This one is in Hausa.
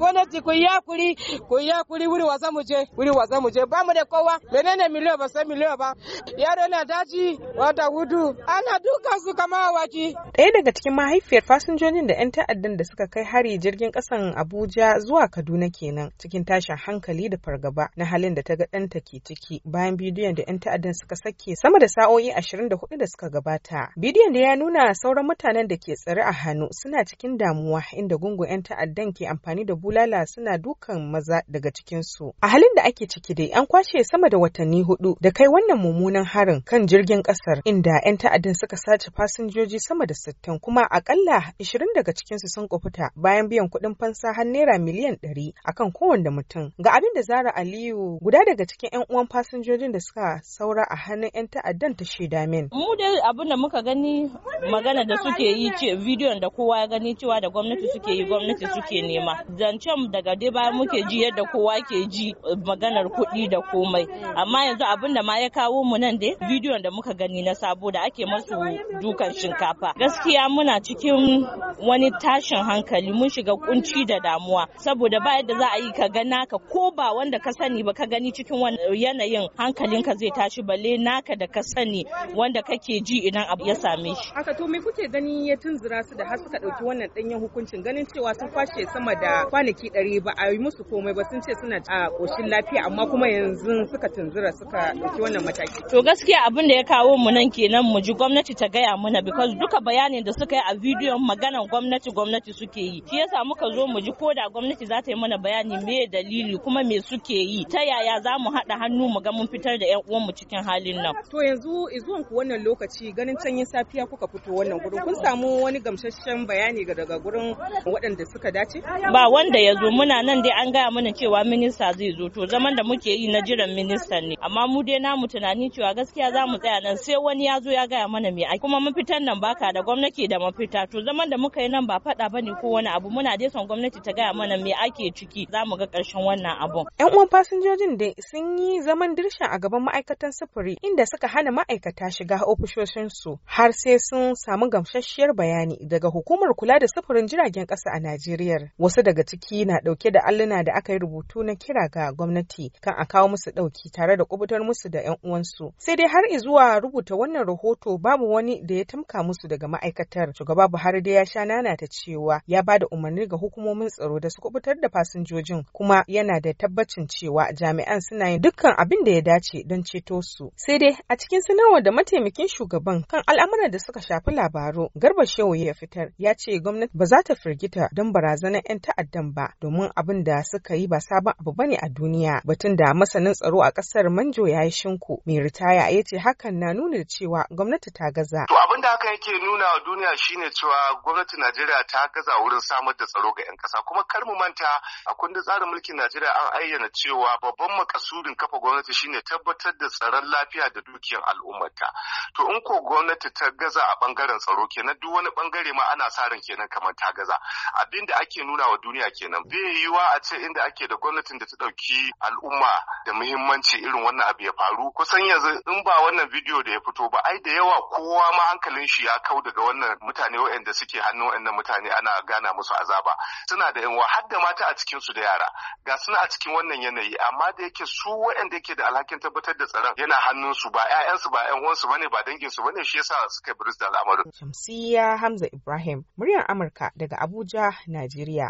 gwamnati ku yi hakuri ku yi hakuri wuri waza mu je wuri waza mu je ba mu da kowa menene miliyo ba sai miliyo ba yaro na daji wata hudu ana dukan su kama waki ɗaya daga cikin mahaifiyar fasinjojin da 'yan ta'addan da suka kai hari jirgin ƙasan abuja zuwa kaduna kenan cikin tashin hankali da fargaba na halin da ta ga ɗanta ke ciki bayan bidiyon da 'yan ta'addan suka sake sama da sa'o'i 24 da suka gabata bidiyon da ya nuna sauran mutanen da ke tsare a hannu suna cikin damuwa inda gungun 'yan ta'addan ke amfani da bulala suna dukan maza daga cikinsu. A halin da ake ciki dai an kwashe sama da watanni hudu da kai wannan mummunan harin kan jirgin kasar inda 'yan ta'addin suka sace fasinjoji sama da sittin kuma akalla ishirin daga cikinsu sun kufuta bayan biyan kuɗin fansa har naira miliyan ɗari akan kowanne mutum. Ga abin da Zara Aliyu guda daga cikin 'yan uwan fasinjojin da suka saura a hannun 'yan ta'addan ta shaida min. Mu dai abin da muka gani magana da suke yi ce bidiyon da kowa ya gani cewa da gwamnati suke yi gwamnati suke nema. Zan zancen daga dai bayan muke ji yadda kowa ke ji eh, maganar kuɗi da komai amma yanzu abin da ma ya kawo mu nan dai bidiyon da muka gani na sabo da ake masu dukan shinkafa gaskiya muna cikin wani tashin hankali mun shiga kunci da damuwa saboda ba yadda za a yi ka ga naka ko ba wanda ka sani ba ka gani cikin yanayin hankalin ka zai tashi balle naka da ka sani wanda kake ji idan abu ya same shi haka to me kuke gani ya tunzura su da har suka dauki wannan danyen hukuncin ganin cewa sun kwashe sama da kwanaki kwanaki ɗari ba a yi musu komai ba sun ce suna a ƙoshin lafiya amma kuma yanzu suka tunzura suka ɗauki wannan mataki. To gaskiya abin da ya kawo mu nan kenan mu ji gwamnati ta gaya mana because duka bayanin da suka yi a bidiyon maganan gwamnati gwamnati suke yi. Shi yasa muka zo mu ji ko da gwamnati za ta yi mana bayani me dalili kuma me suke yi ta yaya za mu haɗa hannu mu ga mun fitar da ƴan uwanmu cikin halin nan. To yanzu zuwan ku wannan lokaci ganin canyin safiya kuka fito wannan gurin kun samu wani gamsasshen bayani daga gurin waɗanda suka dace? Ba wanda ya zo muna nan dai an gaya mana cewa minista zai zo to zaman da muke yi na jiran minista ne amma mu dai namu tunani cewa gaskiya za mu tsaya nan sai wani ya zo ya gaya mana me kuma mafitan nan baka da gwamnati da mafita to zaman da muka yi nan ba faɗa bane ko wani abu muna dai son gwamnati ta gaya mana me ake ciki za mu ga ƙarshen wannan abun. Yan uwan fasinjojin dai sun yi zaman dirsha a gaban ma'aikatan sufuri inda suka hana ma'aikata shiga ofishoshinsu har sai sun samu gamsasshiyar bayani daga hukumar kula da sufurin jiragen kasa a Najeriya. Wasu daga ciki ciki na dauke da alluna da aka yi rubutu na kira ga gwamnati kan a kawo musu ɗauki tare da kubutar musu da 'yan uwansu. Sai dai har zuwa rubuta wannan rahoto babu wani da ya tamka musu daga ma'aikatar. Shugaba Buhari dai ya sha nana ta cewa ya ba da umarni ga hukumomin tsaro da su kubutar da fasinjojin kuma yana da tabbacin cewa jami'an suna yin dukkan abin da ya dace don ceto su. Sai dai a cikin sanarwar da mataimakin shugaban kan al'amuran da suka shafi labaru Garba Shehu ya fitar ya ce gwamnati ba za ta firgita don barazanar 'yan ta'addan ba domin abin da suka yi ba sabon abu bane a duniya batun da masanin tsaro a kasar manjo ya yi shinku mai ritaya ya ce hakan na nuna cewa gwamnati ta gaza. To abin da haka yake nuna wa duniya shine cewa gwamnatin Najeriya ta gaza wurin samar da tsaro ga 'yan kasa kuma kar mu manta a kundin tsarin mulkin Najeriya an ayyana cewa babban makasudin kafa gwamnati shine tabbatar da tsaron lafiya da dukiyar al'ummata. To in ko gwamnati ta gaza a bangaren tsaro kenan duk wani bangare ma ana sa ran kenan kamar ta gaza. Abin da ake nuna wa duniya kenan bai yiwuwa a ce inda ake da gwamnatin da ta ɗauki al'umma da muhimmanci irin wannan abu ya faru kusan yanzu in ba wannan bidiyo da ya fito ba ai da yawa kowa ma hankalin shi ya kau daga wannan mutane waɗanda suke hannun waɗannan mutane ana gana musu azaba suna da yanwa har da mata a cikin su da yara ga suna a cikin wannan yanayi amma da yake su waɗanda yake da alhakin tabbatar da tsaron yana hannun su ba ƴaƴan su ba ƴan uwansu bane ba dangin su bane shi yasa suka biris da al'amarin Shamsiya Hamza Ibrahim muryar Amurka daga Abuja Najeriya